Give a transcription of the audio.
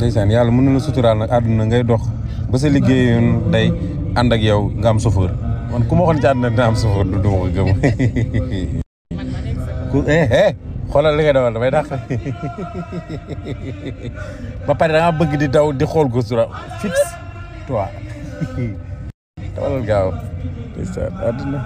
ndeysaan yalla mën na la suturaal nag àdduna ngay dox ba sa liggéeyoon day and ak yow nga am chauffeur man kuma ma ci aduna da am chauffeur du ko gëm ku eh, eh, xolal li nga dawal damay dakh ba pare da bëgg di daw di xol ko sura fix toi tawal gaaw aduna